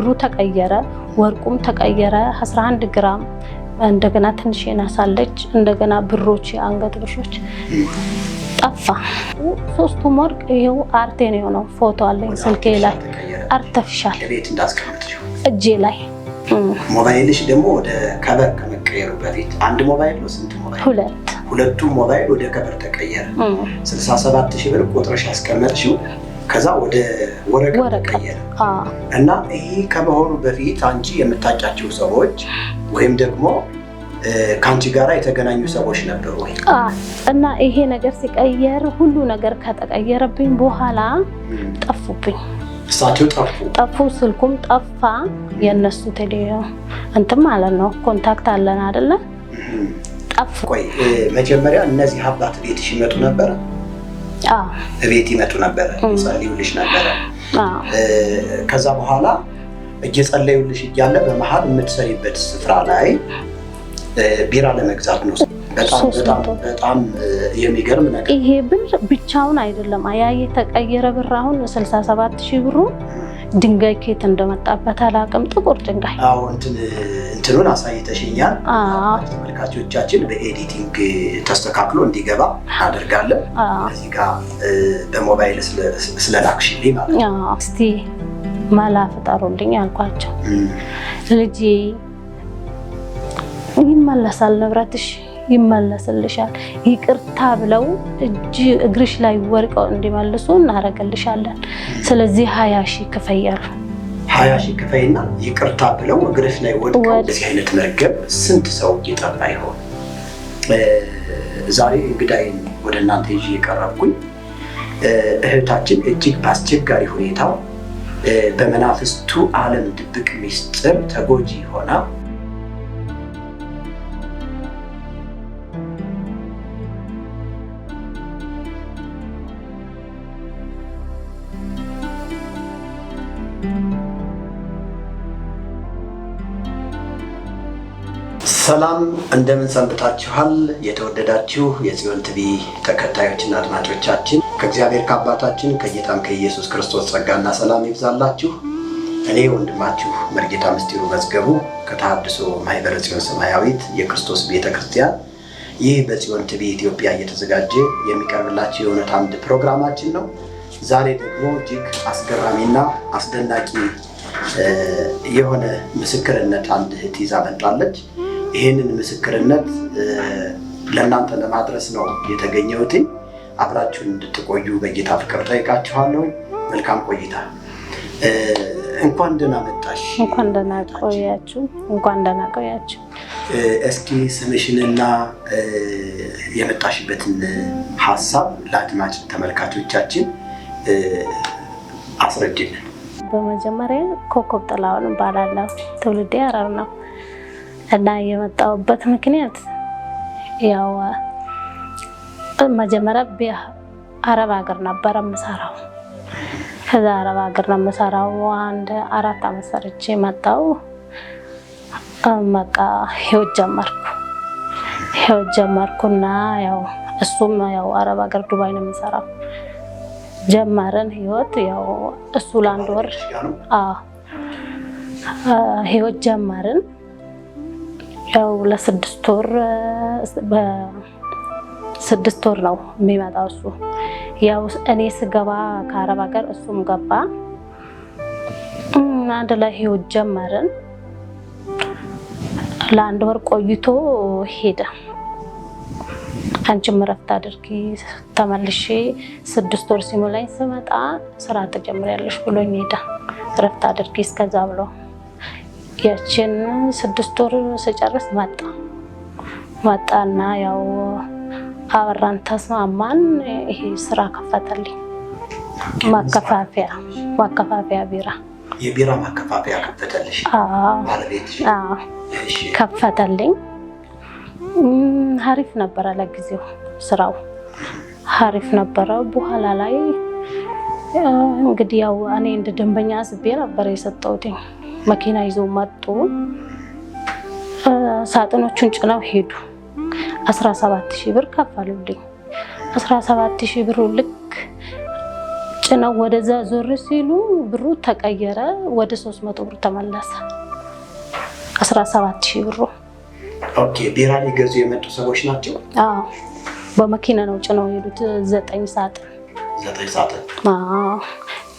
ብሩ ተቀየረ፣ ወርቁም ተቀየረ 11 ግራም እንደገና ትንሽ ናሳለች። እንደገና ብሮች፣ የአንገት ብሾች ጠፋ። ሶስቱም ወርቅ ይኸው አርቴ ነው የሆነው። ፎቶ አለኝ ስልኬ ላይ አርተፍሻል፣ እጄ ላይ ሞባይልሽ ደግሞ ወደ ከበር ከመቀየሩ በፊት አንድ ሞባይል ነው ስንት ሞባይል? ሁለት። ሁለቱ ሞባይል ወደ ከበር ተቀየረ። 67 ሺህ ብር ቁጥርሽ ያስቀመጥሽው ከዛ ወደ ወረቀት ቀየረ እና ይህ ከመሆኑ በፊት አንቺ የምታጫቸው ሰዎች ወይም ደግሞ ከአንቺ ጋር የተገናኙ ሰዎች ነበሩ ወይ? እና ይሄ ነገር ሲቀየር ሁሉ ነገር ከተቀየረብኝ በኋላ ጠፉብኝ። እሳቸው ጠፉ ጠፉ፣ ስልኩም ጠፋ። የእነሱ ቴሌ እንትን ማለት ነው ኮንታክት አለን አይደለም፣ ጠፉ። ቆይ መጀመሪያ እነዚህ አባት ቤትሽ ይመጡ ነበረ? እቤት ይመጡ ነበረ፣ ይጸልዩልሽ ነበረ። ከዛ በኋላ እየጸለዩልሽ እያለ በመሀል የምትሰሪበት ስፍራ ላይ ቢራ ለመግዛት ነው። በጣም የሚገርም ነገር። ይሄ ብር ብቻውን አይደለም አያዬ፣ የተቀየረ ብር አሁን ስልሳ ሰባት ሺህ ብሩ ድንጋይ ከየት እንደመጣበት አላውቅም። ጥቁር ድንጋይ አዎ፣ እንትን እንትኑን አሳይተሽኛል። ተመልካቾቻችን በኤዲቲንግ ተስተካክሎ እንዲገባ እናደርጋለን። እዚህ ጋር በሞባይል ስለላክሽልኝ ማለት እስቲ መላ ፍጠሩልኝ አልኳቸው። ልጄ ይመለሳል ንብረትሽ ይመለስልሻል። ይቅርታ ብለው እጅ እግርሽ ላይ ወድቀው እንዲመልሱ እናደርግልሻለን። ስለዚህ ሀያ ሺህ ክፈያል ሀያ ሺህ ክፈይና ይቅርታ ብለው እግርሽ ላይ ወድቀው እንደዚህ አይነት መርገም ስንት ሰው እየጠፋ ይሆን? ዛሬ እንግዳይን ወደ እናንተ ይዤ የቀረብኩኝ እህታችን እጅግ በአስቸጋሪ ሁኔታ በመናፍስቱ ዓለም ድብቅ ሚስጥር ተጎጂ ሆና ሰላም እንደምን ሰንብታችኋል? የተወደዳችሁ የጽዮን ቲቪ ተከታዮችና አድማጮቻችን ከእግዚአብሔር ከአባታችን ከጌታም ከኢየሱስ ክርስቶስ ጸጋና ሰላም ይብዛላችሁ። እኔ ወንድማችሁ መርጌታ ምስጢሩ መዝገቡ ከተሐድሶ ማህበረ ጽዮን ሰማያዊት የክርስቶስ ቤተ ክርስቲያን፣ ይህ በጽዮን ቲቪ ኢትዮጵያ እየተዘጋጀ የሚቀርብላችሁ የእውነት አምድ ፕሮግራማችን ነው። ዛሬ ደግሞ እጅግ አስገራሚና አስደናቂ የሆነ ምስክርነት አንድ እህት ይዛ መጣለች። ይህንን ምስክርነት ለእናንተ ለማድረስ ነው የተገኘሁትኝ። አብራችሁን እንድትቆዩ በጌታ ፍቅር ጠይቃችኋለሁ። መልካም ቆይታ። እንኳን ደህና መጣሽ። እንኳን ደህና ቆያችሁ። እንኳን ደህና ቆያችሁ። እስኪ ስምሽንና የመጣሽበትን ሀሳብ ለአድማጭ ተመልካቾቻችን አስረጅልን። በመጀመሪያ ኮከብ ጥላሁን እባላለሁ። ትውልዴ አረር ነው። አምስተርዳ የመጣሁበት ምክንያት ያው መጀመሪያ አረብ ሀገር ነበረ የምሰራው። ከዛ አረብ ሀገር ነው የምሰራው። አንድ አራት አመት ሰርቼ መጣሁ። በቃ ህይወት ጀመርኩ ህይወት ጀመርኩና ያው እሱም ያው አረብ ሀገር ዱባይ ነው የምሰራው። ጀመርን ህይወት ያው እሱ ለአንድ ወር ህይወት ጀመርን ያው ለስድስት ወር ስድስት ወር ነው የሚመጣው እሱ። ያው እኔ ስገባ ከአረብ ሀገር እሱም ገባ፣ አንድ ላይ ህይወት ጀመርን። ለአንድ ወር ቆይቶ ሄደ። አንቺም እረፍት አድርጊ፣ ተመልሼ ስድስት ወር ሲሞላኝ ስመጣ ስራ ትጀምሪያለሽ ብሎኝ ሄደ። እረፍት አድርጊ እስከዛ ብሎ ያችን ስድስት ወር ስጨርስ መጣ መጣና ያው አበራን ተስማማን። ይሄ ስራ ከፈተልኝ። ቢራ የቢራ ከፈተልሽ? ከፈተልኝ። ሀሪፍ ነበረ ለጊዜው ስራው ሀሪፍ ነበረ። በኋላ ላይ እንግዲህ ያው እኔ እንደ ደንበኛ አስቤ ነበር መኪና ይዘው መጡ። ሳጥኖቹን ጭነው ሄዱ። 17 ሺህ ብር ከፈሉልኝ። 17 ሺህ ብሩ ልክ ጭነው ወደዛ ዞር ሲሉ ብሩ ተቀየረ። ወደ 300 ብር ተመለሰ። 17 ሺህ ብሩ ኦኬ። ቢራ ሊገዙ የመጡ ሰዎች ናቸው። አዎ፣ በመኪና ነው ጭነው ሄዱት። ዘጠኝ ሳጥን ዘጠኝ ሳጥን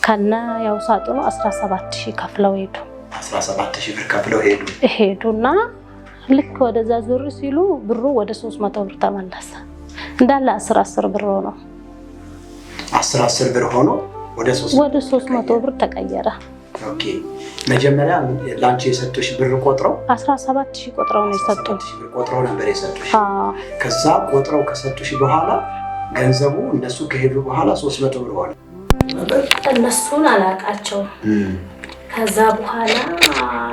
ከነ ያው ሳጥኑ 17 ሺህ ከፍለው ሄዱ። አስራ ሰባት ሺህ ብር ከፍለው ሄዱ ሄዱና ልክ ወደዛ ዞር ሲሉ ብሩ ወደ ሶስት መቶ ብር ተመለሰ። እንዳለ አስር አስር ብር ሆኖ አስር አስር ብር ሆኖ ወደ ሶስት መቶ ብር ተቀየረ። መጀመሪያ ላንቺ የሰጡሽ ብር ቆጥረው 17 ሺህ ቆጥረው ነው የሰጡሽ፣ ቆጥረው ነበር የሰጡሽ። ከዛ ቆጥረው ከሰጡሽ በኋላ ገንዘቡ እነሱ ከሄዱ በኋላ 300 ብር ሆነ። እነሱን አላውቃቸውም ከዛ በኋላ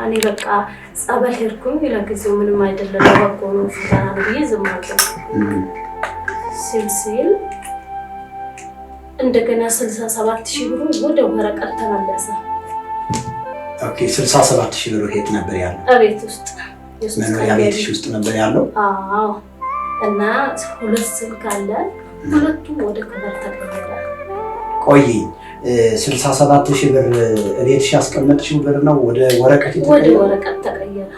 እኔ በቃ ጸበል ሄድኩኝ። ለጊዜው ምንም አይደለም በጎ ነው ሽታና ብዬ ዝም አልኩኝ። ሲል ሲል እንደገና ስልሳ ሰባት ሺህ ብሩ ወደ ወረቀት ተመለሰ። ስልሳ ሰባት ሺህ ብሩ የት ነበር ያለው? ቤት ውስጥ መኖሪያ ቤትሽ ውስጥ ነበር ያለው። አዎ እና ሁለት ስልክ አለ። ሁለቱም ወደ ከበር ተቀየረ። ቆይኝ 67 ሺህ ብር ቤት ያስቀመጥሽው ብር ነው ወደ ወረቀት ተቀየረ።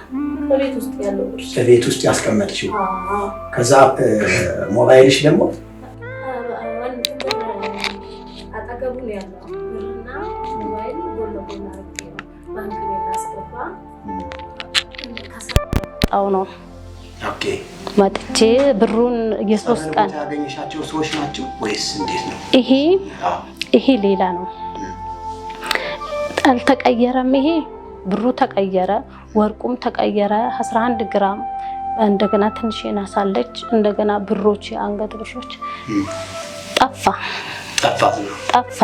ቤት ውስጥ ያስቀመጥሽው ከዛ ሞባይልሽ ደግሞ አዎ ነው መጥቼ ብሩን የሶስት ቀን ያገኘሻቸው ሰዎች ናቸው ወይስ እንዴት ነው ይሄ? ይሄ ሌላ ነው። አልተቀየረም። ይሄ ብሩ ተቀየረ፣ ወርቁም ተቀየረ። 11 ግራም እንደገና ትንሽ ናሳለች። እንደገና ብሮች፣ የአንገት ብሾች ጠፋ ጠፋ።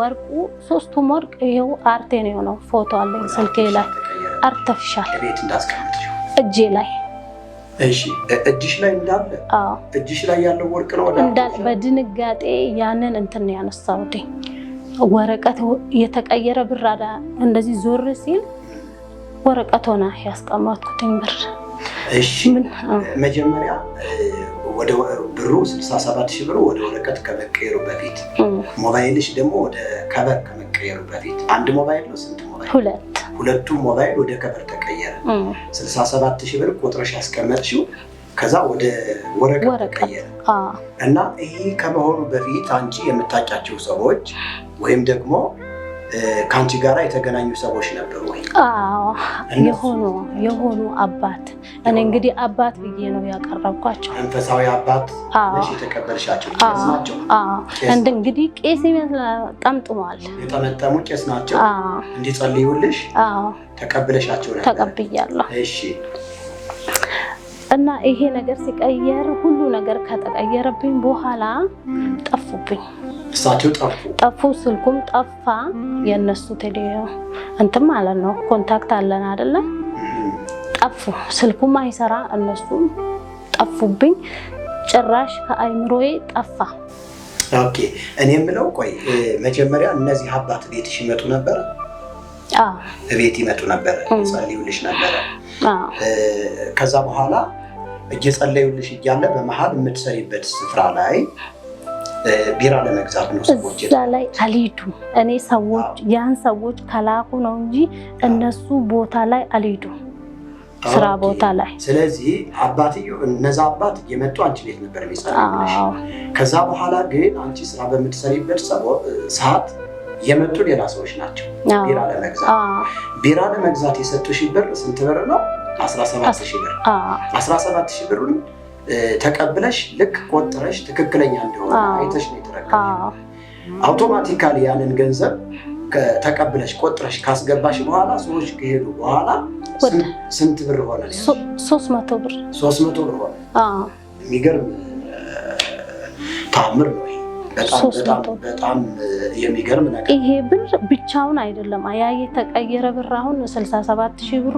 ወርቁ ሶስቱም ወርቅ ይኸው አርቴ ነው የሆነው። ፎቶ አለኝ ስልኬ ላይ አርተፍሻል እጄ ላይ እሺ እጅሽ ላይ እንዳለ እጅሽ ላይ ያለው ወርቅ ነው። በድንጋጤ ያንን እንትን ነው ያነሳሁት። ወረቀት የተቀየረ ብር አለ። እንደዚህ ዞር ሲል ወረቀት ሆነ ያስቀመጥኩትኝ ብር። እሺ መጀመሪያ ወደ ብሩ 67 ሺህ ብሩ ወደ ወረቀት ከመቀየሩ በፊት ሞባይልሽ ደግሞ ወደ ከበር ከመቀየሩ በፊት አንድ ሞባይል ነው ስንት ሞባይል? ሁለት ሁለቱ ሞባይል ወደ ከበር ተቀየረ። 67 ሺህ ብር ቁጥር ያስቀመጥሽው ከዛ ወደ ወረቀት ተቀየረ እና ይህ ከመሆኑ በፊት አንቺ የምታጫቸው ሰዎች ወይም ደግሞ ከአንቺ ጋራ የተገናኙ ሰዎች ነበሩ ወይ? የሆኑ የሆኑ አባት እኔ እንግዲህ አባት ብዬ ነው ያቀረብኳቸው። መንፈሳዊ አባት የተቀበልሻቸው ቄስ ናቸው። እንግዲህ ቄስ ጠምጥሟል። የጠመጠሙ ቄስ ናቸው። እንዲጸልዩልሽ ተቀብለሻቸው? ተቀብያለሁ። እሺ እና ይሄ ነገር ሲቀየር ሁሉ ነገር ከተቀየረብኝ በኋላ ጠፉብኝ። እሳቸው ጠፉ ጠፉ፣ ስልኩም ጠፋ። የእነሱ ቴሌ እንትም ማለት ነው ኮንታክት አለን አይደለ? ጠፉ። ስልኩም አይሰራ፣ እነሱም ጠፉብኝ። ጭራሽ ከአይምሮዬ ጠፋ። ኦኬ፣ እኔ የምለው ቆይ፣ መጀመሪያ እነዚህ አባት ቤትሽ ይመጡ ነበር? ቤት ይመጡ ነበር፣ ይጸልዩልሽ ነበረ። ከዛ በኋላ እየጸለዩልሽ እያለ በመሀል የምትሰሪበት ስፍራ ላይ ቢራ ለመግዛት ነው። ሰዎች እዛ ላይ አልሄዱም። እኔ ሰዎች ያን ሰዎች ከላኩ ነው እንጂ እነሱ ቦታ ላይ አልሄዱም፣ ስራ ቦታ ላይ። ስለዚህ አባትዮ እነዛ አባት የመጡ አንቺ ቤት ነበር የሚጸልዩልሽ። ከዛ በኋላ ግን አንቺ ስራ በምትሰሪበት ሰዓት የመጡ ሌላ ሰዎች ናቸው ቢራ ለመግዛት። ቢራ ለመግዛት የሰጡሽ ብር ስንት ብር ነው? 17 ብር ሺህ ብሩን ተቀብለሽ ልክ ቆጥረሽ ትክክለኛ እንደሆነ አይተሽ ነው የተረከብሽ። አውቶማቲካሊ ያንን ገንዘብ ተቀብለሽ ቆጥረሽ ካስገባሽ በኋላ ሰዎች ከሄዱ በኋላ ስንት ብር ሆነ? ሶስት መቶ ብር ሶስት መቶ ብር ሆነ። የሚገርም ታምር ነው። በጣም የሚገርም ነገር። ይሄ ብር ብቻውን አይደለም። ያ የተቀየረ ብር አሁን 67 ሺህ ብሩ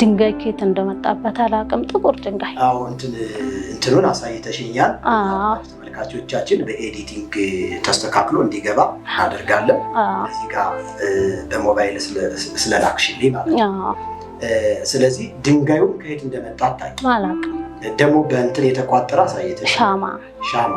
ድንጋይ ኬት እንደመጣበት አላውቅም። ጥቁር ድንጋይ እንትኑን አሳይተሽኛል። ተመልካቾቻችን በኤዲቲንግ ተስተካክሎ እንዲገባ እናደርጋለን። እዚህ ጋር በሞባይል ስለላክሽልኝ ማለት ነው። ስለዚህ ድንጋዩም ከየት እንደመጣ አታውቂም። አላውቅም። ደግሞ በእንትን የተቋጠረ አሳይተሽ ሻማ ሻማ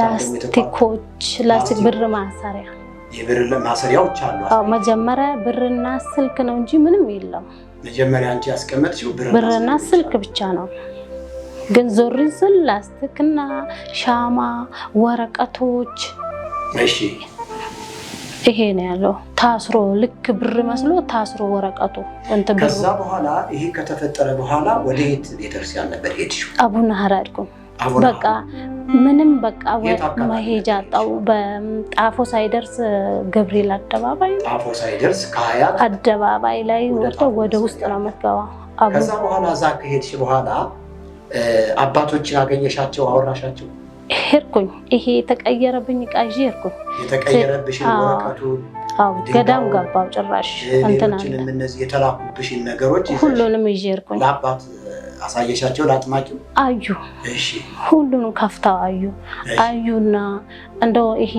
ላስቲኮች፣ ላስቲክ ብር ማሰሪያ የብር ማሰሪያዎች አሉ። መጀመሪያ ብርና ስልክ ነው እንጂ ምንም የለም። መጀመሪያ አንቺ ያስቀመጥሽው ብርና ስልክ ብቻ ነው። ግን ዞር ስል ላስቲክና ሻማ፣ ወረቀቶች እሺ ይሄ ነው ያለው። ታስሮ ልክ ብር መስሎ ታስሮ ወረቀቱ እንትን። ከዛ በኋላ ይሄ ከተፈጠረ በኋላ ወደ የት ቤተክርስቲያን ነበር ሄድሽ? አቡነ ሀራ በቃ ምንም በቃ መሄጃ አጣው። በጣፎ ሳይደርስ ገብርኤል አደባባይ ጣፎ ሳይደርስ አደባባይ ላይ ወጥቶ ወደ ውስጥ ነው የምትገባው። ከዛ በኋላ እዛ ከሄድሽ በኋላ አባቶች አገኘሻቸው? አወራሻቸው? ሄድኩኝ። ይሄ የተቀየረብኝ እቃ ይዤ ሄድኩኝ። የተቀየረብሽን ወረቀቱን ገዳም ገባው። ጭራሽ እንትናለ የተላኩብሽን ነገሮች ሁሉንም ይዤ ሄድኩኝ ለአባት አሳየሻቸው ለአጥማቂው? አዩ ሁሉንም ከፍታ አዩ አዩና፣ እንደው ይሄ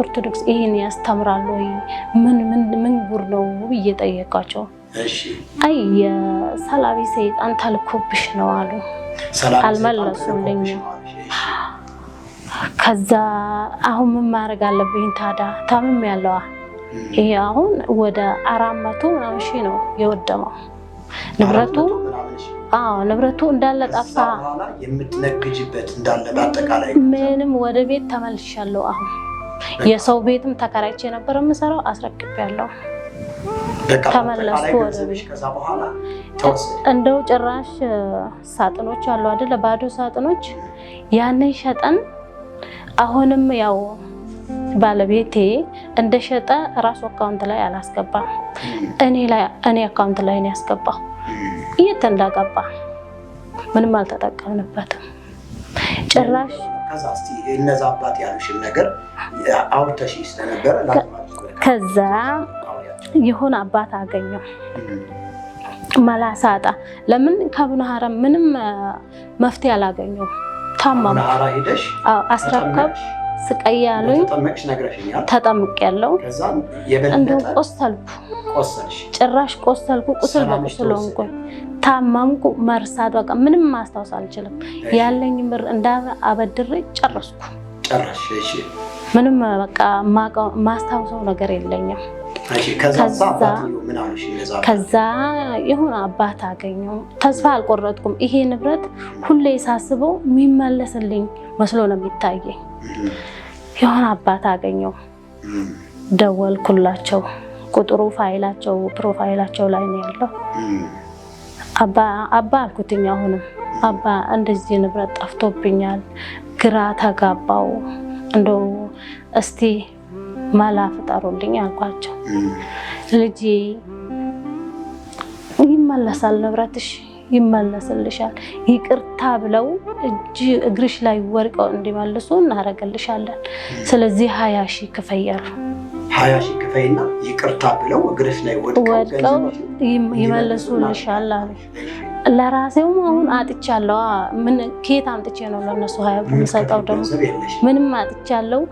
ኦርቶዶክስ ይሄን ያስተምራሉ ወይ ምን ምን ምን ጉር ነው ብዬ ጠየቃቸው። አይ የሰላቢ ሰይጣን ተልኮብሽ ነው አሉ። አልመለሱልኝ። ከዛ አሁን ምን ማድረግ አለብኝ ታዲያ? ታምም ያለዋ ይሄ አሁን ወደ አራት መቶ ምናምን ሺህ ነው የወደመው ንብረቱ ንብረቱ እንዳለ ጠፋ። በኋላ የምትነግጅበት እንዳለ በአጠቃላይ ምንም ወደ ቤት ተመልሻለሁ። አሁን የሰው ቤትም ተከራይቼ ነበር የምሰራው፣ አስረክቤያለሁ። ተመለስኩ ወደ ቤት። እንደው ጭራሽ ሳጥኖች አሉ አይደለ? ባዶ ሳጥኖች ያንን ሸጠን አሁንም ያው ባለቤቴ እንደሸጠ ራሱ አካውንት ላይ አላስገባም፣ እኔ ላይ እኔ አካውንት ላይ ነው ያስገባው እየተንዳጋባ ምንም አልተጠቀምንበትም ጭራሽ ከዛ እስቲ እነዛ አባት ያሉሽን ነገር አውርተሽ ስለነበረ ከዛ የሆነ አባት አገኘው መላሳጣ ለምን ከአቡነ ሀራ ምንም መፍትሄ አላገኘው ታማ ታማሙ ሄደሽ አስረከብ ስቀይ ያሉኝ ተጠምቅ ያለው እንዲሁም ቆሰልኩ፣ ጭራሽ ቆሰልኩ። ቁስል በቁስል ሆንኩኝ፣ ታማምኩ። መርሳት በቃ ምንም ማስታወስ አልችልም። ያለኝ ብር እንዳለ አበድሬ ጨረስኩ። ምንም በቃ ማስታውሰው ነገር የለኝም። ከዛ የሆነ አባት አገኘው። ተስፋ አልቆረጥኩም። ይሄ ንብረት ሁሌ ሳስበው የሚመለስልኝ መስሎ ነው የሚታየኝ የሆነ አባት አገኘው። ደወልኩላቸው። ቁጥሩ ፋይላቸው ፕሮፋይላቸው ላይ ነው ያለው። አባ አባ አልኩትኝ። አሁንም አባ እንደዚህ ንብረት ጠፍቶብኛል፣ ግራ ተጋባው፣ እንደው እስቲ መላ ፍጠሩልኝ አልኳቸው። ልጅ ይመለሳል ንብረትሽ ይመለስልሻል፣ ይቅርታ ብለው እጅ እግርሽ ላይ ወርቀው እንዲመልሱ እናደርግልሻለን። ስለዚህ ሀያ ሺህ ክፈይ ሀያ ሺህ ክፈይና ይቅርታ ብለው እግርሽ ላይ ወድቀው ይመልሱልሻል አሉ። ለራሴውም አሁን አጥቻለሁ። ምን ከየት አምጥቼ ነው ለነሱ ሀያ ብር ደግሞ ምንም አጥቻለሁ።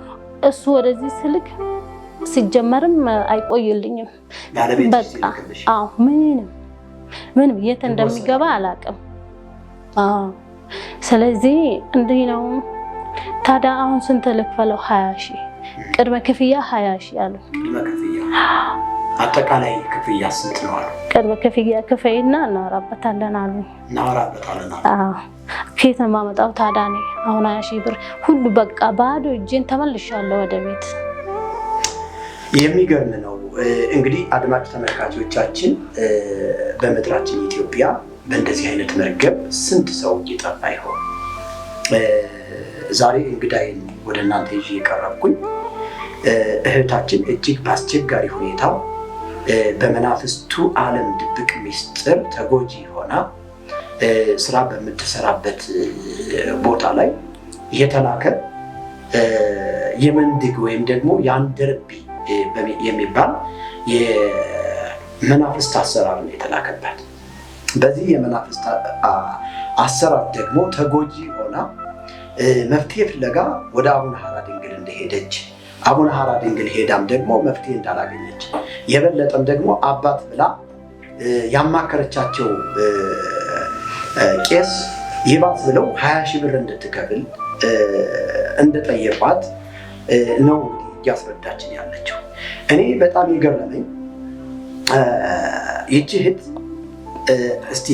እሱ ወደዚህ ስልክ ሲጀመርም አይቆይልኝም። በቃ አዎ ምንም ምንም የት እንደሚገባ አላውቅም። ስለዚህ እንዲህ ነው። ታዲያ አሁን ስንት ልክፈለው? ሀያ ሺ ቅድመ ክፍያ ሀያ ሺህ አሉ። አጠቃላይ ክፍያ ስንት ነው አሉ። ቅድመ ክፍያ ክፍይና እናወራበታለን አሉ። እናወራበታለን አሉ። ከየት የማመጣው ታዲያ እኔ አሁን ሀያ ሺህ ብር ሁሉ በቃ ባዶ እጄን ተመልሻለሁ ወደ ቤት። የሚገርም ነው። እንግዲህ አድማጭ ተመልካቾቻችን በምድራችን ኢትዮጵያ በእንደዚህ አይነት መርገብ ስንት ሰው እየጠፋ ይሆን? ዛሬ እንግዳይን ወደ እናንተ ይዤ የቀረብኩኝ እህታችን እጅግ በአስቸጋሪ ሁኔታ በመናፍስቱ ዓለም ድብቅ ሚስጥር ተጎጂ ሆና ስራ በምትሰራበት ቦታ ላይ የተላከ የመንድግ ወይም ደግሞ የአንደርቢ የሚባል የመናፍስት አሰራር ነው የተላከበት። በዚህ የመናፍስት አሰራር ደግሞ ተጎጂ ሆና መፍትሄ ፍለጋ ወደ አቡነ ሀራ ድንግል እንደሄደች አቡነ ሀራ ድንግል ሄዳም ደግሞ መፍትሄ እንዳላገኘች የበለጠም ደግሞ አባት ብላ ያማከረቻቸው ቄስ ይባስ ብለው ሀያ ሺህ ብር እንድትከፍል እንደጠየቋት ነው እያስረዳችን ያለችው። እኔ በጣም የገረመኝ ይቺ እህት እስቲ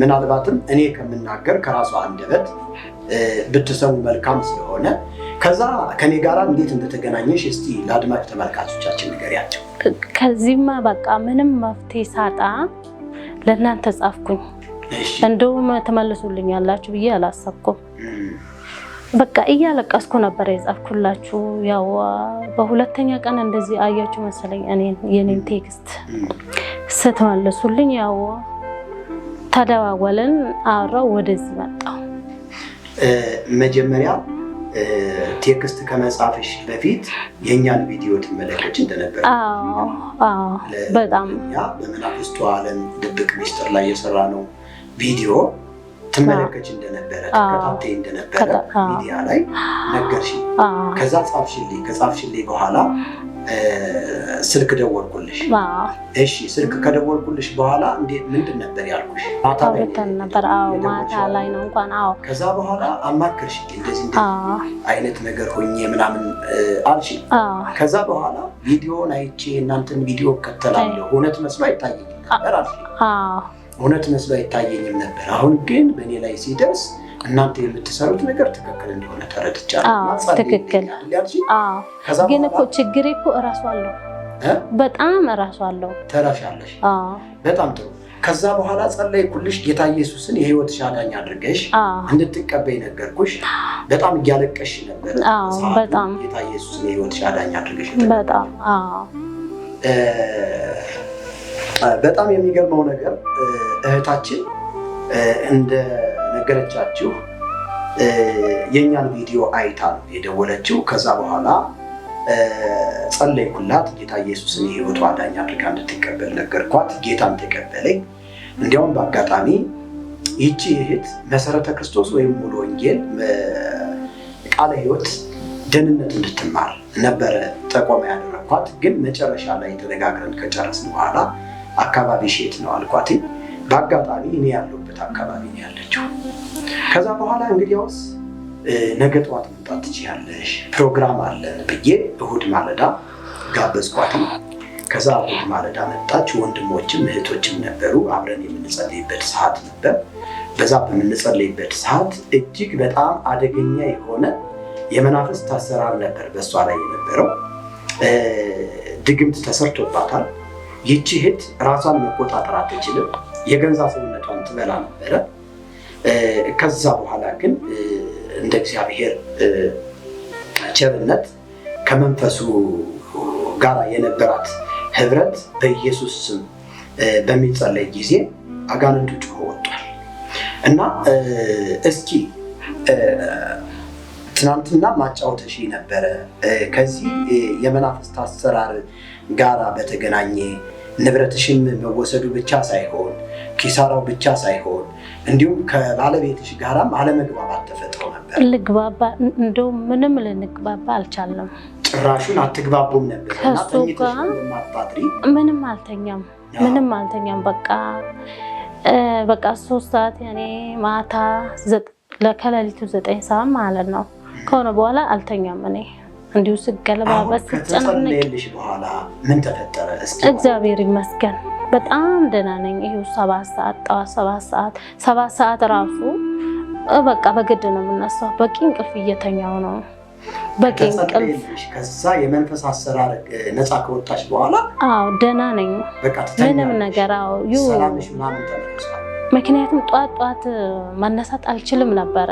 ምናልባትም እኔ ከምናገር ከራሷ አንደበት ብትሰሙ መልካም ስለሆነ ከዛ ከኔ ጋራ እንዴት እንደተገናኘሽ እስቲ ለአድማጭ ተመልካቾቻችን ያቸው። ከዚህማ በቃ ምንም መፍትሄ ሳጣ ለእናንተ ጻፍኩኝ። እንደውም ተመልሱልኝ ያላችሁ ብዬ አላሰብኩም። በቃ እያለቀስኩ ነበር የጻፍኩላችሁ። ያው በሁለተኛ ቀን እንደዚህ አያችሁ መሰለኝ እኔን የኔን ቴክስት ስትመልሱልኝ፣ ያው ተደዋወልን፣ አወራሁ፣ ወደዚህ መጣው መጀመሪያ ቴክስት ከመጻፍሽ በፊት የእኛን ቪዲዮ ትመለከች እንደነበር በጣም በመናፍስቱ ዓለም ድብቅ ሚስጥር ላይ የሰራ ነው ቪዲዮ ትመለከች እንደነበረ ተከታታይ እንደነበረ ሚዲያ ላይ ነገርሽ። ከዛ ጻፍሽልኝ። ከጻፍሽልኝ በኋላ ስልክ ደወልኩልሽ። እሺ፣ ስልክ ከደወልኩልሽ በኋላ እንዴት ምንድን ነበር ያልኩሽ? ማታ ላይ ነበር። አዎ፣ ማታ ላይ ነው እንኳን። አዎ። ከዛ በኋላ አማከርሽ እንደዚህ አይነት ነገር ሆኜ ምናምን አልሽ። ከዛ በኋላ ቪዲዮን አይቼ እናንተን ቪዲዮ እከተላለሁ እውነት መስሎ አይታየኝ ነበር አልሽ። እውነት መስሎ አይታየኝም ነበር። አሁን ግን በእኔ ላይ ሲደርስ እናንተ የምትሰሩት ነገር ትክክል እንደሆነ ተረድቻለሁ። ትክክል ግን እኮ ችግሬ እኮ እራሱ አለው በጣም እራሱ አለው። ተረፊያለሽ። በጣም ጥሩ። ከዛ በኋላ ጸለይ ኩልሽ ጌታ ኢየሱስን የህይወት ሻዳኝ አድርገሽ እንድትቀበይ ነገርኩሽ። በጣም እያለቀሽ ነበር። ጌታ ኢየሱስን የህይወት ሻዳኝ አድርገሽ በጣም በጣም የሚገርመው ነገር እህታችን እንደነገረቻችሁ የእኛን ቪዲዮ አይታ ነው የደወለችው። ከዛ በኋላ ጸለይኩላት። ጌታ ኢየሱስን የህይወቱ አዳኝ አድርጋ እንድትቀበል ነገርኳት። ጌታን ተቀበለኝ። እንዲያውም በአጋጣሚ ይቺ እህት መሰረተ ክርስቶስ ወይም ሙሉ ወንጌል ቃለ ህይወት ደህንነት እንድትማር ነበረ ጠቆማ ያደረኳት። ግን መጨረሻ ላይ ተነጋግረን ከጨረስን በኋላ አካባቢ ሼት ነው አልኳትኝ። በአጋጣሚ እኔ ያለሁበት አካባቢ ነው ያለችው። ከዛ በኋላ እንግዲያውስ ነገ ጠዋት መምጣት ትችያለሽ ፕሮግራም አለን ብዬ እሁድ ማለዳ ጋበዝኳት። ከዛ እሁድ ማለዳ መጣች። ወንድሞችም እህቶችም ነበሩ። አብረን የምንጸልይበት ሰዓት ነበር። በዛ በምንጸልይበት ሰዓት እጅግ በጣም አደገኛ የሆነ የመናፍስት አሰራር ነበር በእሷ ላይ የነበረው። ድግምት ተሰርቶባታል። ይቺ እህት ራሷን መቆጣጠር አትችልም። የገንዛ ሰውነቷን ትበላ ነበረ። ከዛ በኋላ ግን እንደ እግዚአብሔር ቸርነት ከመንፈሱ ጋር የነበራት ህብረት በኢየሱስ ስም በሚጸለይ ጊዜ አጋንንቱ ጮሆ ወጥቷል እና እስኪ ትናንትና ማጫወተሽ ነበረ ከዚህ የመናፍስት አሰራር ጋራ በተገናኘ ንብረትሽም መወሰዱ ብቻ ሳይሆን ኪሳራው ብቻ ሳይሆን እንዲሁም ከባለቤትሽ ጋራም አለመግባባት ተፈጥሮ ነበር። ልግባባ እንዲሁም ምንም ልንግባባ አልቻለም። ጭራሹን አትግባቡም ነበር። ምንም አልተኛም፣ ምንም አልተኛም። በቃ በቃ ሶስት ሰዓት ያኔ ማታ ከሌሊቱ ዘጠኝ ሰዓት ማለት ነው ከሆነ በኋላ አልተኛም እኔ እንዲሁ ስገለባበት ስጨንልሽ በኋላ ምን ተፈጠረ? እግዚአብሔር ይመስገን በጣም ደህና ነኝ። ይሄው ሰባት ሰዓት ጠዋት ሰባት ሰዓት ሰባት ሰዓት ራሱ በቃ በግድ ነው የምነሳው። በቂ እንቅልፍ እየተኛው ነው በቂ እንቅልፍ። ከዛ የመንፈስ አሰራር ነፃ ከወጣሽ በኋላ አዎ ደህና ነኝ። ምንም ነገር አዎ ምክንያቱም ጠዋት ጠዋት መነሳት አልችልም ነበረ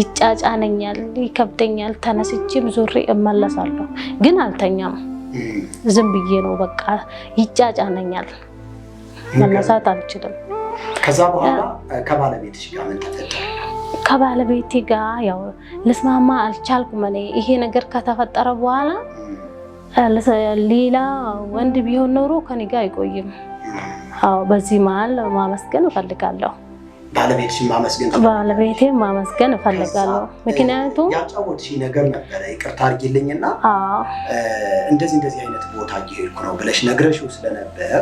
ይጫጫነኛል፣ ይከብደኛል። ተነስቼም ዙሬ እመለሳለሁ፣ ግን አልተኛም። ዝም ብዬ ነው በቃ ይጫጫነኛል፣ መነሳት አልችልም። ከዛ በኋላ ከባለቤትሽ ጋር ምን ተፈጠረ? ከባለቤቴ ጋር ያው ልስማማ አልቻልኩም። እኔ ይሄ ነገር ከተፈጠረ በኋላ ሌላ ወንድ ቢሆን ኖሮ ከኔ ጋር አይቆይም። አዎ፣ በዚህ መሀል ማመስገን እፈልጋለሁ። ባለቤት ማመስገን ባለቤቴ ማመስገን እፈልጋለሁ። ምክንያቱም ያጫወትሽ ነገር ነበረ ይቅርታ አድርጊልኝና እንደዚህ እንደዚህ አይነት ቦታ እየሄድኩ ነው ብለሽ ነግረሽው ስለነበር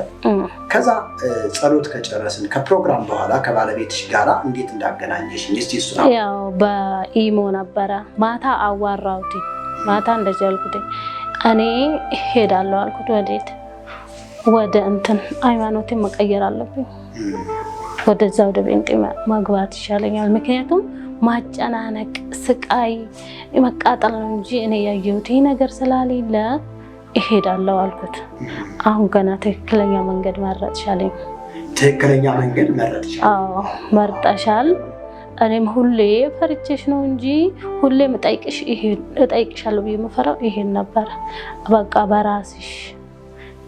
ከዛ ጸሎት ከጨረስን ከፕሮግራም በኋላ ከባለቤትሽ ጋራ እንዴት እንዳገናኘሽ እስቲ እሱ ያው በኢሞ ነበረ ማታ አዋራውቲ ማታ እንደዚህ አልኩት። እኔ ሄዳለሁ አልኩት። ወዴት? ወደ እንትን ሃይማኖቴን መቀየር አለብኝ ወደዛ ወደ ጴንጤ ማግባት ይሻለኛል። ምክንያቱም ማጨናነቅ፣ ስቃይ፣ መቃጠል ነው እንጂ እኔ ያየሁት ይህ ነገር ስላሌለ እሄዳለሁ አልኩት። አሁን ገና ትክክለኛ መንገድ መረጥሻለኝ። ትክክለኛ መንገድ መርጠሻል። እኔም ሁሌ ፈርቼሽ ነው እንጂ ሁሌም እጠይቅሻለሁ ብዬ የምፈራው ይሄን ነበረ። በቃ በራስሽ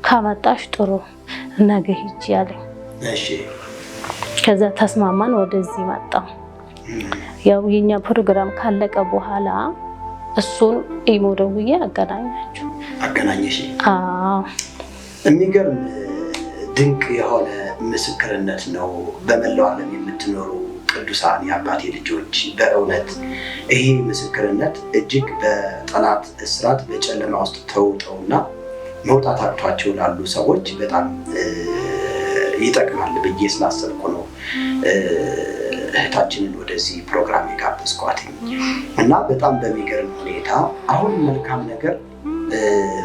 ከመጣሽ ጥሩ ነገ ያለኝ። እሺ ከዛ ተስማማን፣ ወደዚህ መጣው። ያው የኛ ፕሮግራም ካለቀ በኋላ እሱን ኢሞ ደውዬ አገናኛችሁ አገናኘሽ። የሚገርም ድንቅ የሆነ ምስክርነት ነው። በመላው ዓለም የምትኖሩ ቅዱሳን የአባቴ ልጆች በእውነት ይሄ ምስክርነት እጅግ በጠላት እስራት በጨለማ ውስጥ ተውጠውና መውጣት አቅቷቸው ላሉ ሰዎች በጣም ይጠቅማል ብዬ ስላሰብኩ ነው እህታችንን ወደዚህ ፕሮግራም የጋበዝኳት እና በጣም በሚገርም ሁኔታ አሁን መልካም ነገር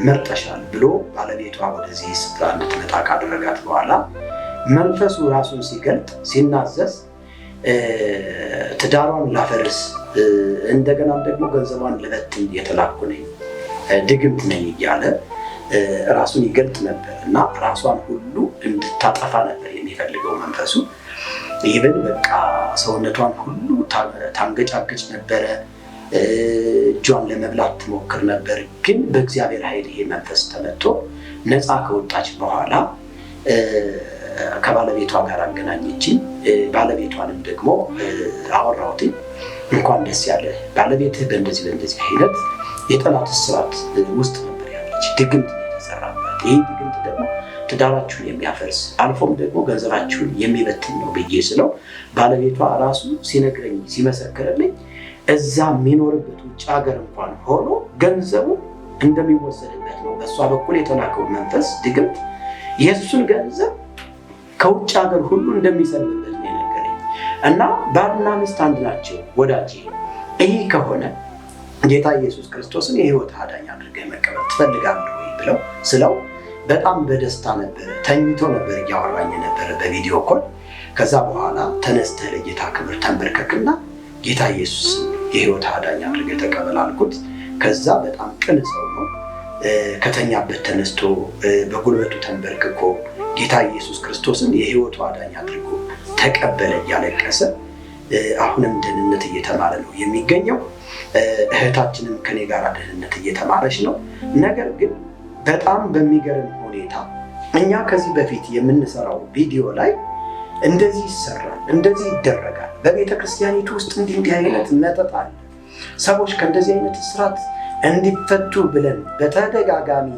መርጠሻል ብሎ ባለቤቷ ወደዚህ ስፍራ እንድትመጣ ካደረጋት በኋላ መንፈሱ ራሱን ሲገልጥ ሲናዘዝ ትዳሯን ላፈርስ እንደገና ደግሞ ገንዘቧን ልበትን የተላኩ ነኝ ድግምት ነኝ እያለ ራሱን ይገልጥ ነበር እና ራሷን ሁሉ እንድታጠፋ ነበር የሚፈልገው መንፈሱ። ኢቨን በቃ ሰውነቷን ሁሉ ታንገጫገጭ ነበረ። እጇን ለመብላት ትሞክር ነበር። ግን በእግዚአብሔር ኃይል ይሄ መንፈስ ተመቶ ነፃ ከወጣች በኋላ ከባለቤቷ ጋር አገናኘችኝ። ባለቤቷንም ደግሞ አወራሁትኝ። እንኳን ደስ ያለ ባለቤትህ በእንደዚህ በእንደዚህ አይነት የጠላት ስራት ውስጥ ነበር ያለች፣ ድግምት የተሰራበት ይህ ትዳራችሁን የሚያፈርስ አልፎም ደግሞ ገንዘባችሁን የሚበትን ነው ብዬ ስለው ባለቤቷ ራሱ ሲነግረኝ ሲመሰክርልኝ እዛ የሚኖርበት ውጭ ሀገር እንኳን ሆኖ ገንዘቡ እንደሚወሰድበት ነው። በእሷ በኩል የተላከው መንፈስ ድግምት የእሱን ገንዘብ ከውጭ ሀገር ሁሉ እንደሚሰርበት ነው የነገረኝ እና ባልና ሚስት አንድ ናቸው ወዳጅ ይህ ከሆነ ጌታ ኢየሱስ ክርስቶስን የህይወት አዳኝ አድርገህ መቀበል ትፈልጋለህ ወይ ብለው ስለው በጣም በደስታ ነበረ። ተኝቶ ነበር እያወራኝ ነበረ በቪዲዮ ኮል። ከዛ በኋላ ተነስተህ ለጌታ ክብር ተንበርከክና ጌታ ኢየሱስ የህይወት አዳኝ አድርገህ ተቀበል አልኩት። ከዛ በጣም ቅን ሰው ነው። ከተኛበት ተነስቶ በጉልበቱ ተንበርክኮ ጌታ ኢየሱስ ክርስቶስን የህይወቱ አዳኝ አድርጎ ተቀበለ እያለቀሰ አሁንም ደህንነት እየተማረ ነው የሚገኘው። እህታችንም ከኔ ጋር ደህንነት እየተማረች ነው። ነገር ግን በጣም በሚገርም ሁኔታ እኛ ከዚህ በፊት የምንሰራው ቪዲዮ ላይ እንደዚህ ይሰራል፣ እንደዚህ ይደረጋል፣ በቤተ ክርስቲያኒቱ ውስጥ እንዲህ እንዲህ አይነት መጠጥ አለ፣ ሰዎች ከእንደዚህ አይነት እስራት እንዲፈቱ ብለን በተደጋጋሚ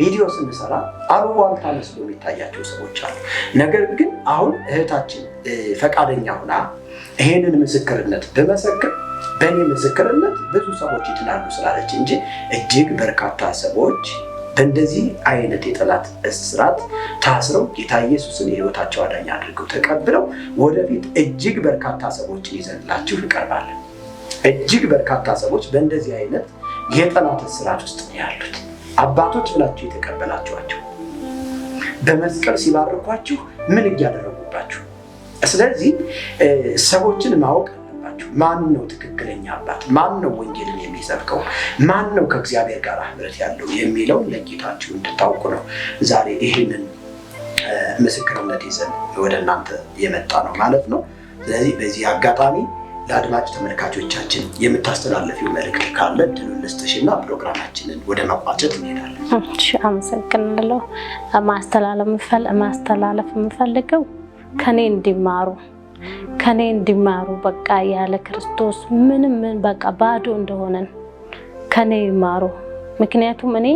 ቪዲዮ ስንሰራ አሉባልታ መስሎ የሚታያቸው ሰዎች አሉ። ነገር ግን አሁን እህታችን ፈቃደኛ ሁና ይሄንን ምስክርነት ብመሰክር በእኔ ምስክርነት ብዙ ሰዎች ይድናሉ ስላለች እንጂ እጅግ በርካታ ሰዎች በእንደዚህ አይነት የጠላት እስራት ታስረው ጌታ ኢየሱስን የህይወታቸው አዳኝ አድርገው ተቀብለው ወደፊት እጅግ በርካታ ሰዎችን ይዘንላችሁ እንቀርባለን። እጅግ በርካታ ሰዎች በእንደዚህ አይነት የጠላት እስራት ውስጥ ነው ያሉት። አባቶች ብላችሁ የተቀበላችኋቸው በመስቀል ሲባርኳችሁ ምን እያደረጉባችሁ? ስለዚህ ሰዎችን ማወቅ ታውቃላችሁ። ማን ነው ትክክለኛ አባት? ማን ነው ወንጌልን የሚሰብከው? ማን ነው ከእግዚአብሔር ጋር ህብረት ያለው የሚለው ለጌታችሁ እንድታውቁ ነው ዛሬ ይህንን ምስክርነት ይዘን ወደ እናንተ የመጣ ነው ማለት ነው። ስለዚህ በዚህ አጋጣሚ ለአድማጭ ተመልካቾቻችን የምታስተላለፊው መልእክት ካለ ድሉን ፕሮግራማችንን ወደ መቋጨት እንሄዳለን። አመሰግናለሁ። ማስተላለፍ የምፈልገው ከኔ እንዲማሩ ከኔ እንዲማሩ በቃ ያለ ክርስቶስ ምንም ምን በቃ ባዶ እንደሆነን ከኔ ይማሩ። ምክንያቱም እኔ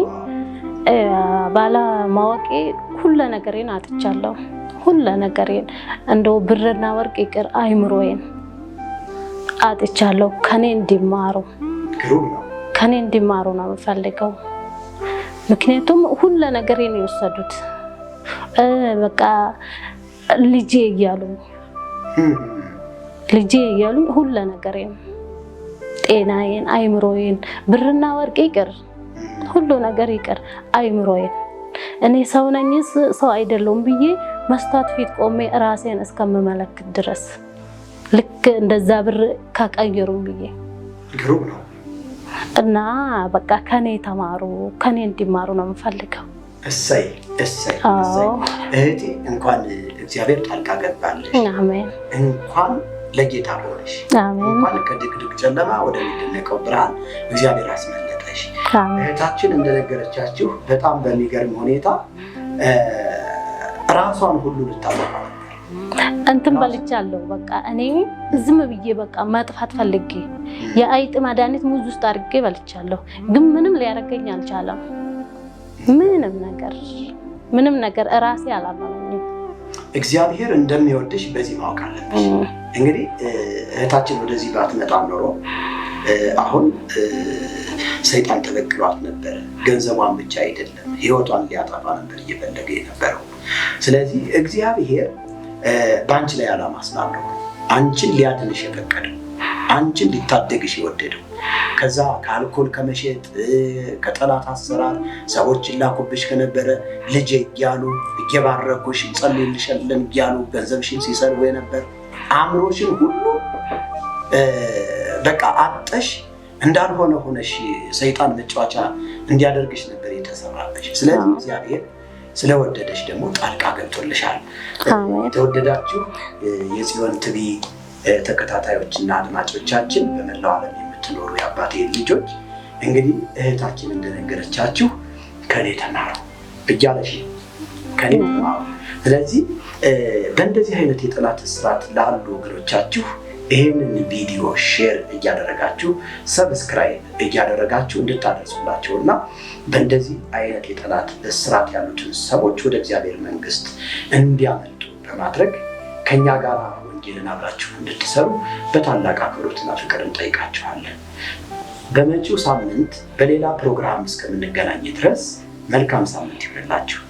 ባለ ማወቂ ሁለ ነገሬን አጥቻለሁ። ሁለ ነገሬን እንደው ብርና ወርቅ ይቅር አይምሮዬን አጥቻለሁ። ከኔ እንዲማሩ ከኔ እንዲማሩ ነው የምፈልገው። ምክንያቱም ሁለ ነገሬን የወሰዱት በቃ ልጄ እያሉ ልጄ እያሉ ሁለ ነገሬን፣ ጤናዬን፣ አይምሮዬን፣ ብርና ወርቅ ይቅር፣ ሁሉ ነገር ይቅር፣ አይምሮዬን እኔ ሰው ነኝስ ሰው አይደለውም ብዬ መስታወት ፊት ቆሜ ራሴን እስከምመለክት ድረስ ልክ እንደዛ ብር ካቀየሩም ብዬ እና በቃ ከኔ ተማሩ ከኔ እንዲማሩ ነው የምፈልገው። እሰይ እሰይ እህቴ እንኳን እግዚአብሔር ጣልቃ ገባለሽ። እንኳን ለጌታ ሆነሽ እንኳን ከድቅድቅ ጨለማ ወደሚደነቀው ብርሃን እግዚአብሔር አስመለጠሽ። እህታችን እንደነገረቻችሁ በጣም በሚገርም ሁኔታ ራሷን ሁሉ ልታወራ እንትን በልቻለሁ። በቃ እኔ ዝም ብዬ በቃ መጥፋት ፈልጌ የአይጥ መድኃኒት ሙዝ ውስጥ አድርጌ በልቻለሁ፣ ግን ምንም ሊያደርገኝ አልቻለም። ምንም ነገር ምንም ነገር እራሴ አላመመኝም። እግዚአብሔር እንደሚወድሽ በዚህ ማወቅ አለብሽ። እንግዲህ እህታችን ወደዚህ ባትመጣም ኖሮ አሁን ሰይጣን ተበቅሏት ነበር ገንዘቧን ብቻ አይደለም ህይወቷን ሊያጠፋ ነበር እየፈለገ የነበረው። ስለዚህ እግዚአብሔር በአንቺ ላይ ዓላማ ስላለው አንቺን ሊያድንሽ የፈቀደው አንቺን ሊታደግሽ የወደደው ከዛ ከአልኮል ከመሸጥ ከጠላት አሰራር ሰዎች ይላኩብሽ ከነበረ ልጄ እያሉ እየባረኩሽ እንጸልይልሻለን እያሉ ገንዘብሽን ሲሰርቡ የነበር አእምሮሽን ሁሉ በቃ አጠሽ እንዳልሆነ ሆነሽ ሰይጣን መጫወቻ እንዲያደርግሽ ነበር የተሰራበሽ። ስለዚህ እግዚአብሔር ስለወደደሽ ደግሞ ጣልቃ ገብቶልሻል። የተወደዳችሁ የጽዮን ትቢ ተከታታዮችና አድማጮቻችን በመላው ዓለም የምትኖሩ የአባቴ ልጆች እንግዲህ እህታችን እንደነገረቻችሁ ከኔ ተማሩ ብያለሽ፣ ከኔ ተማሩ። ስለዚህ በእንደዚህ አይነት የጠላት እስራት ላሉ ወገኖቻችሁ ይህንን ቪዲዮ ሼር እያደረጋችሁ ሰብስክራይብ እያደረጋችሁ እንድታደርሱላቸው እና በእንደዚህ አይነት የጠላት እስራት ያሉትን ሰዎች ወደ እግዚአብሔር መንግስት እንዲያመልጡ በማድረግ ከእኛ ጋር ወንጌልን አብራችሁ እንድትሰሩ በታላቅ አክብሮትና ፍቅር እንጠይቃችኋለን። በመጪው ሳምንት በሌላ ፕሮግራም እስከምንገናኝ ድረስ መልካም ሳምንት ይሁንላችሁ።